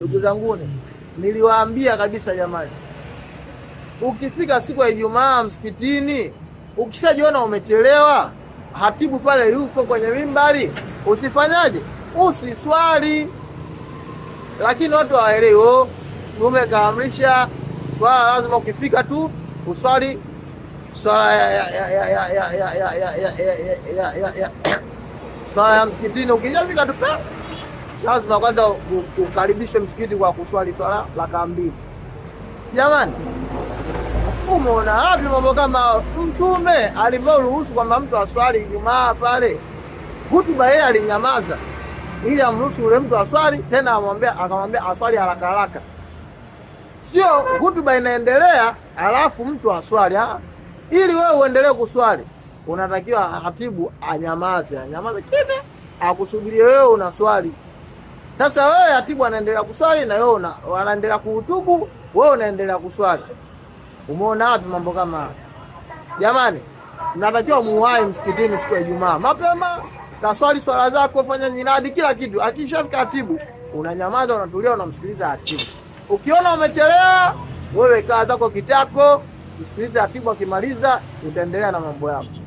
Ndugu zanguni, niliwaambia kabisa jamani, ukifika siku ya Ijumaa msikitini, ukishajiona umechelewa, hatibu pale yuko kwenye mimbari, usifanyaje? Usiswali. Lakini watu hawaelewi, oh, mume kaamrisha swala, lazima ukifika tu uswali swala ya ya ya tu lazima kwanza ukaribishe msikiti kwa kuswali swala rakaa mbili. Jamani, umeona wapi mambo kama Mtume alivyoruhusu kwamba mtu aswali Ijumaa pale hutuba, yeye alinyamaza ili amruhusu yule mtu aswali, tena amwambia akamwambia aswali haraka haraka, sio hutuba inaendelea alafu mtu aswali ha? Ili wewe uendelee kuswali unatakiwa hatibu anyamaze, anyamaze kide akusubirie wewe swali. Sasa wewe atibu anaendelea kuswali na wewe anaendelea kuhutubu, wewe unaendelea kuswali. Umeona wapi mambo kama haya? Jamani, mnatakiwa muwahi msikitini siku ya Ijumaa mapema, kaswali swala zako, fanya nyinadi, kila kitu. Akishafika atibu, unanyamaza, unatulia, unamsikiliza atibu Ukiona umechelewa, wewe kaa zako kitako, msikilize atibu akimaliza utaendelea na mambo yako.